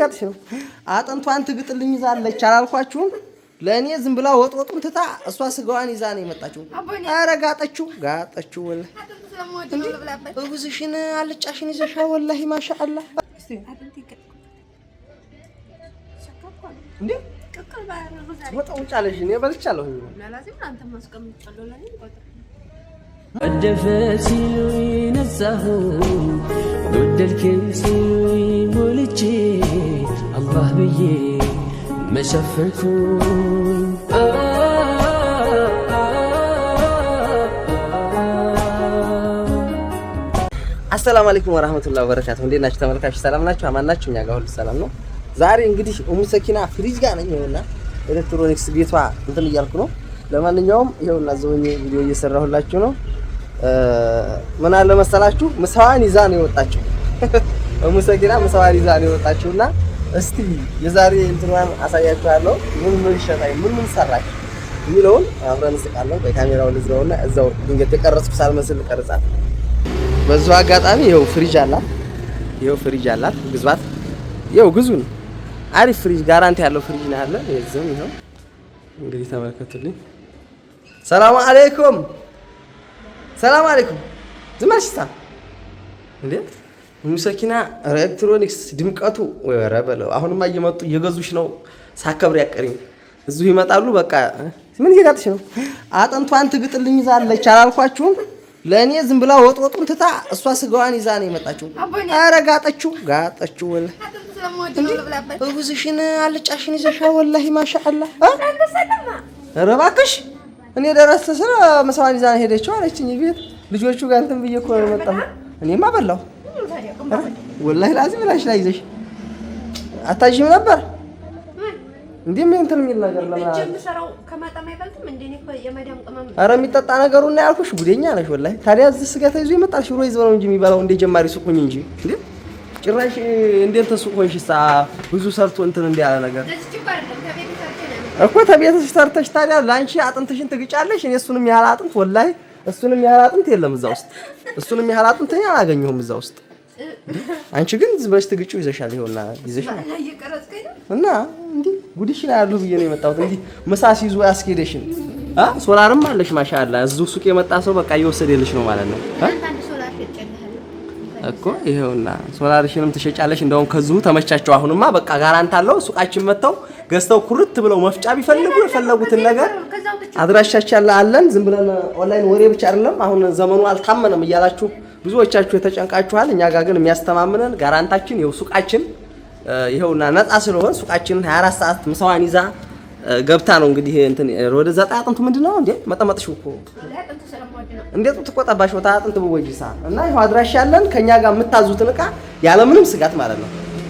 ልገልጽ ነው። አጥንቷን ትግጥልኝ ይዛለች አላልኳችሁም? ለእኔ ዝም ብላ ወጥ ወጡን ትታ እሷ ስጋዋን ይዛ ነው የመጣችው። አረ ጋጠችው ጋጠችው። ወላሂ እጉዝሽን አልጫሽን ይዘሻ ወላሂ ማሻአላ ወጣ ውጫለሽ። እኔ በልቻለሁ። ወደፈ ሲሉ ነጻሁ ጎደልክም ሲሉኝ ሞልቼ አላህ ብዬ መሸፈንኩኝ አሰላሙ አለይኩም ወራህመቱላሂ ወበረካቱ። እንዴት ናችሁ ተመልካች? ሰላም ናችሁ? አማን ናችሁ? እኛ ጋር ሁሉ ሰላም ነው። ዛሬ እንግዲህ ኡሙ ሰኪና ፍሪጅ ጋር ነኝ እና ኤሌክትሮኒክስ ቤቷ እንትን እያልኩ ነው። ለማንኛውም ይኸውና ቪዲዮ እየሰራሁላችሁ ነው። ምን አለ መሰላችሁ ምሳዋን ይዛ ነው የወጣችው። ሙሰጊና ምሳዋን ይዛ ነው የወጣችውና እስቲ የዛሬ እንትኗን አሳያችኋለሁ። ምን ምን ይሸጣል፣ ምን ምን ሰራች የሚለውን አብረን እስቃለሁ። በካሜራው ልዝረውና እዛው ድንገት የቀረጽኩ ሳልመስል ቀርጻል። በዚሁ አጋጣሚ ይኸው ፍሪጅ አላት፣ ይኸው ፍሪጅ አላት። ግዝባት፣ ይኸው ግዙን። አሪፍ ፍሪጅ ጋራንቲ ያለው ፍሪጅ ነው ያለ። ይዘም ይኸው እንግዲህ ተመልከቱልኝ። ሰላም አለይኩም ሰላም አለይኩም። ዝም አልሽታ እንዴ? ሰኪና ኤሌክትሮኒክስ ድምቀቱ ወይ አሁንማ እየመጡ እየገዙሽ ነው። ሳከብር ያቀሪኝ እዙ ይመጣሉ። በቃ ምን እየጋጥሽ ነው? አጥንቷን ትግጥልኝ ይዛለች አላልኳችሁም? ለእኔ ዝም ብላ ወጥወጡን ትታ እሷ ስጋዋን ይዛ ነው የመጣችው። ኧረ ጋጠችው ጋጠችው። ወለ እጉዝሽን አልጫሽን ይዘሻ ወላሂ ማሻአላ ረባክሽ እኔ ደረስተ ስለ መስራት ይዛ ሄደችው አለችኝ። ቤት ልጆቹ ጋር እንትን ብዬ እኮ መጣሁ። እኔማ በላሁ ወላሂ ላዚም ብላሽ ላይ ይዘሽ አታዥም ነበር እንዴ? ምን እንትን የሚል ነገር ለማለት ኧረ የሚጠጣ ነገሩና ያልኩሽ ጉደኛ ነሽ ወላሂ። ታዲያ እዚህ ስጋ ተይዞ ይመጣል። ሽሮ ይዘው ነው እንጂ የሚበላው እንደ ጀማሪ ሱቁኝ እንጂ እንዴ ጭራሽ እንዴት ሱቅ ሆንሽሳ ብዙ ሰርቶ እንትን እንዳለ ነገር ጭባር እኮ ተቤትሽ ሰርተሽ ታዲያ ለአንቺ አጥንትሽን ትግጫለሽ። እኔ እሱንም ያህል አጥንት ወላሂ እሱንም ያህል አጥንት የለም እዛ ውስጥ እሱንም ያህል አጥንት እኔ አላገኘሁም እዛ ውስጥ። አንቺ ግን ዝም ብለሽ ትግጪው ይዘሻል። ይኸውና ይዘሻል እና እንዲህ ጉድሽን አያሉ ብዬ ነው የመጣሁት። እንዲህ ምሳ ሲይዙ ያስኬደሽን ሶላርም አለሽ ማሻአላ። እዚሁ ሱቅ የመጣ ሰው በቃ እየወሰደልሽ ነው ማለት ነው እኮ ይኸውና፣ ሶላርሽንም ትሸጫለሽ። እንደውም ከዚሁ ተመቻቸው። አሁንማ በቃ ጋራንት አለው ሱቃችን መጥተው ገዝተው ኩርት ብለው መፍጫ ቢፈልጉ የፈለጉትን ነገር አድራሻችን አለን። ዝም ብለን ኦንላይን ወሬ ብቻ አይደለም። አሁን ዘመኑ አልታመነም እያላችሁ ብዙዎቻችሁ የተጨንቃችኋል። እኛ ጋር ግን የሚያስተማምነን ጋራንታችን ይኸው ሱቃችን ይኸውና ነፃ ስለሆን ሱቃችንን 24 ሰዓት ምሳዋን ይዛ ገብታ ነው እንግዲህ እንትን ወደ ዘጣ አጥንቱ ምንድን ነው እንዴ መጠመጥሽ እኮ እንዴ ጥንት ቆጠባሽ ወጣ አጥንት ብወጂሳ እና ይኸው አድራሻ አለን። ከኛ ጋር የምታዙትን እቃ ያለምንም ስጋት ማለት ነው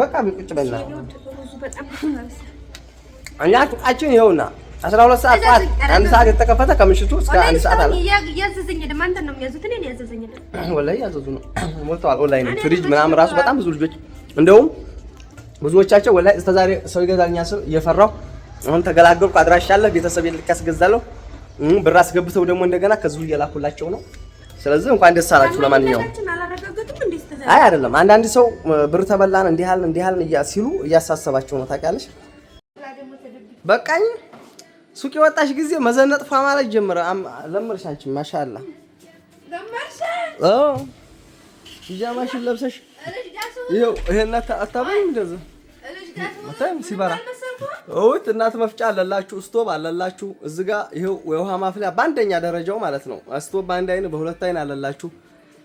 በቃ ቁጭ በልና እኛ ሱቃችን ይኸውና አስራ ሁለት ሰዓት ጠዋት አንድ ሰዓት የተከፈተ ከምሽቱ እስከ አንድ ሰዓት አለ። ወላሂ እያዘዙ ነው፣ ሞልተዋል። ኦንላይን ነው ፍሪጅ ምናምን ራሱ በጣም ብዙ ልጆች እንደውም ብዙዎቻቸው ወላሂ እስከ ዛሬ ሰው ይገዛልኛ ስል እየፈራሁ አሁን ተገላገልኩ። አድራሻ አለ ቤተሰብ ልክ ያስገዛለሁ። ብር አስገብተው ደግሞ እንደገና ከዚሁ እየላኩላቸው ነው። ስለዚህ እንኳን ደስ አላችሁ ለማንኛውም አይ አይደለም። አንዳንድ ሰው ብር ተበላን እንዲህ አልን እንዲህ አልን እያ ሲሉ እያሳሰባቸው ነው ታውቂያለሽ። በቃኝ ሱቅ የወጣሽ ጊዜ መዘነጥፋ ማለት ጀምረ ለምርሽ አንቺ ማሻአላ ለምርሽ ኦ ፒጃማሽን ለብሰሽ ይኸው ይሄን አታበይም እንደዚህ ታይም ሲበራ እውት እናት መፍጫ አለላችሁ፣ ስቶብ አለላችሁ። እዚህ ጋር ይኸው የውሃ ማፍሊያ በአንደኛ ደረጃው ማለት ነው። ስቶብ በአንድ አይን በሁለት አይን አለላችሁ።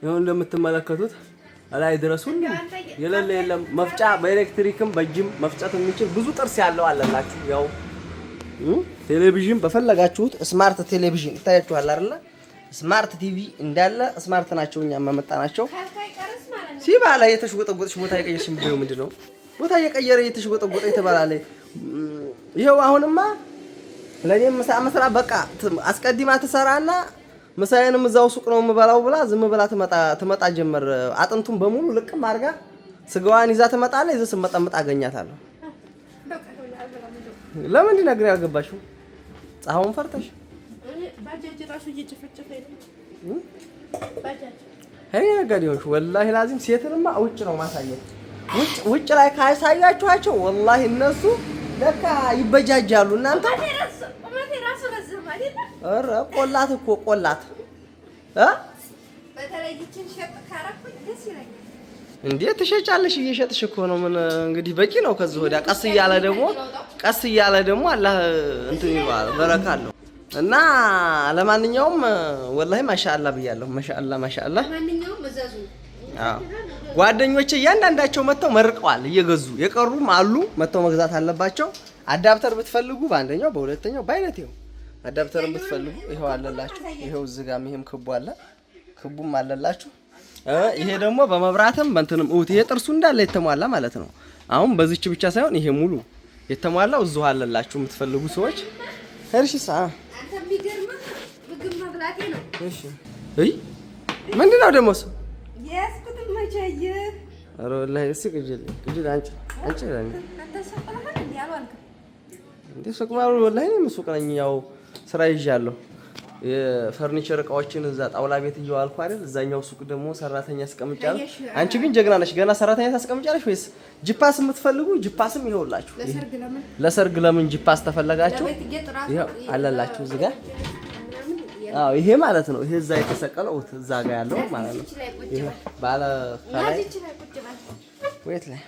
ይኸው እንደምትመለከቱት ላይ ሁሉ የሌለ የለም። መፍጫ በኤሌክትሪክም በእጅም መፍጨት የሚችል ብዙ ጥርስ ያለው አለላችሁ። ያው ቴሌቪዥን በፈለጋችሁት ስማርት ቴሌቪዥን ይታያችኋል አይደለ? ስማርት ቲቪ እንዳለ ስማርት ናቸው። እኛ ማመጣ ናቸው። ሲባ ላይ የተሽጎጠጎጠች ቦታ የቀየርሽ ምንድነው? ምንድነው ቦታ የቀየረ የተሽጎጠጎጠ የተባላለ ይኸው አሁንማ ለኔ መስራ በቃ አስቀድማ ትሰራና ምሳዬንም እዛው ሱቅ ነው የምበላው ብላ ዝም ብላ ትመጣ ጀመር። አጥንቱን በሙሉ ልቅም አድርጋ ስጋዋን ይዛ ትመጣለ። ይዘ ስመጠምጥ አገኛታለሁ። ለምንድን ነው ግራ ያልገባሽው? ፀሐውን ፈርተሽ እኔ ነጋዴ ሆንሽ። ወላሂ ላዚም ሴትንማ ውጭ ነው ማሳየት። ውጭ ላይ ካሳያችኋቸው ወላሂ እነሱ ለካ ይበጃጃሉ እናንተ ኧረ ቆላት እኮ ቆላት እ ትሸጫለሽ? እየሸጥሽ እኮ ነው። ምን እንግዲህ በቂ ነው። ከዚህ ወዲያ ቀስ እያለ ደግሞ ቀስ እያለ ደግሞ አላህ እንትን ይባል በረካ አለው እና ለማንኛውም ወላሂ ማሻአላ ብያለሁ። ማሻአላ ማሻአላ። ጓደኞቼ እያንዳንዳቸው መጥተው መርቀዋል እየገዙ የቀሩም አሉ መጥተው መግዛት አለባቸው። አዳፕተር ብትፈልጉ በአንደኛው በሁለተኛው በአይነት አዳፕተር የምትፈልጉ ይሄው አለላችሁ። ይሄው እዚህ ጋር ይሄም ክቡ አለ፣ ክቡም አለላችሁ። ይሄ ደግሞ በመብራትም በእንትንም እውት ይሄ ጥርሱ እንዳለ የተሟላ ማለት ነው። አሁን በዚች ብቻ ሳይሆን ይሄ ሙሉ የተሟላው እዚሁ አለላችሁ የምትፈልጉ ሰዎች። እሺ ሳ ምንድን ነው ደግሞ ሰው አንቺ ቅጅ ያው ስራ ይዣለሁ። የፈርኒቸር እቃዎችን እዛ ጣውላ ቤት እየዋልኩ አይደል፣ እዛኛው ሱቅ ደግሞ ሰራተኛ አስቀምጫለሁ። አንቺ ግን ጀግና ነሽ፣ ገና ሰራተኛ ታስቀምጫለሽ ወይስ ጅፓስ የምትፈልጉ? ጅፓስም ይኸውላችሁ። ለሰርግ ለምን ጅፓስ ተፈለጋችሁ? ይኸው አለላችሁ እዚህ ጋር። አዎ ይሄ ማለት ነው። ይሄ እዛ የተሰቀለው እዛ ጋር ያለው ማለት ነው። ይሄ ባለ ወይት ላይ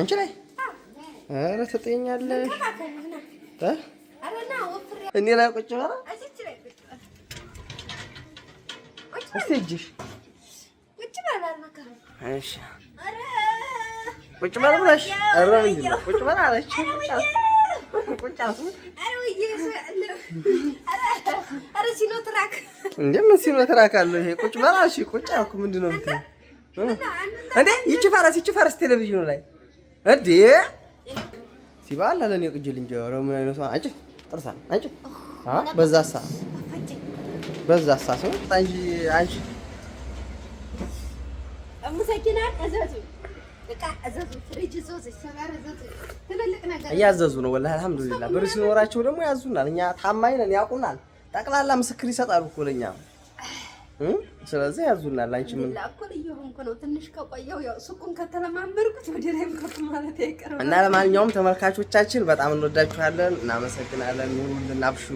አንቺ ላይ አረ ተጠኛለሽ ትጠኛለሽ እኔ ላይ ቁጭ በላ እጅሽ ቁጭ በል ብለሽ ኧረ ምንድን ነው ቁጭ በል አለች። ቁጭ አልኩ እንደ ምን አለው ይሄ ቁጭ በል አልሽ። ቁጭ አልኩ ምንድን ነው የምትለው ይቺ ፈረስ ይቺ ፈረስ ቴሌቪዥኑ ላይ እንደ ሲባል አለ እኔ ቅጅል እንጂ ኧረ ምን አይነቷ አንቺ ጥርሳን አንቺ በዛሳ በዛሳ ሰው አንቺ አንቺ እያዘዙ ነው። ወላሂ አልሐምዱሊላህ ብር ሲኖራቸው ደግሞ ያዙናል። እኛ ታማኝ ነን፣ ያውቁናል። ጠቅላላ ምስክር ይሰጣሉ እኮ ለእኛ ስለዚህ ያዙና ላንቺ ምን ትንሽ ከቆየው ያው ሱቁን ከተለማመድኩት ወደ ላይ ማለት አይቀርም እና ለማንኛውም ተመልካቾቻችን በጣም እንወዳችኋለን፣ እናመሰግናለን።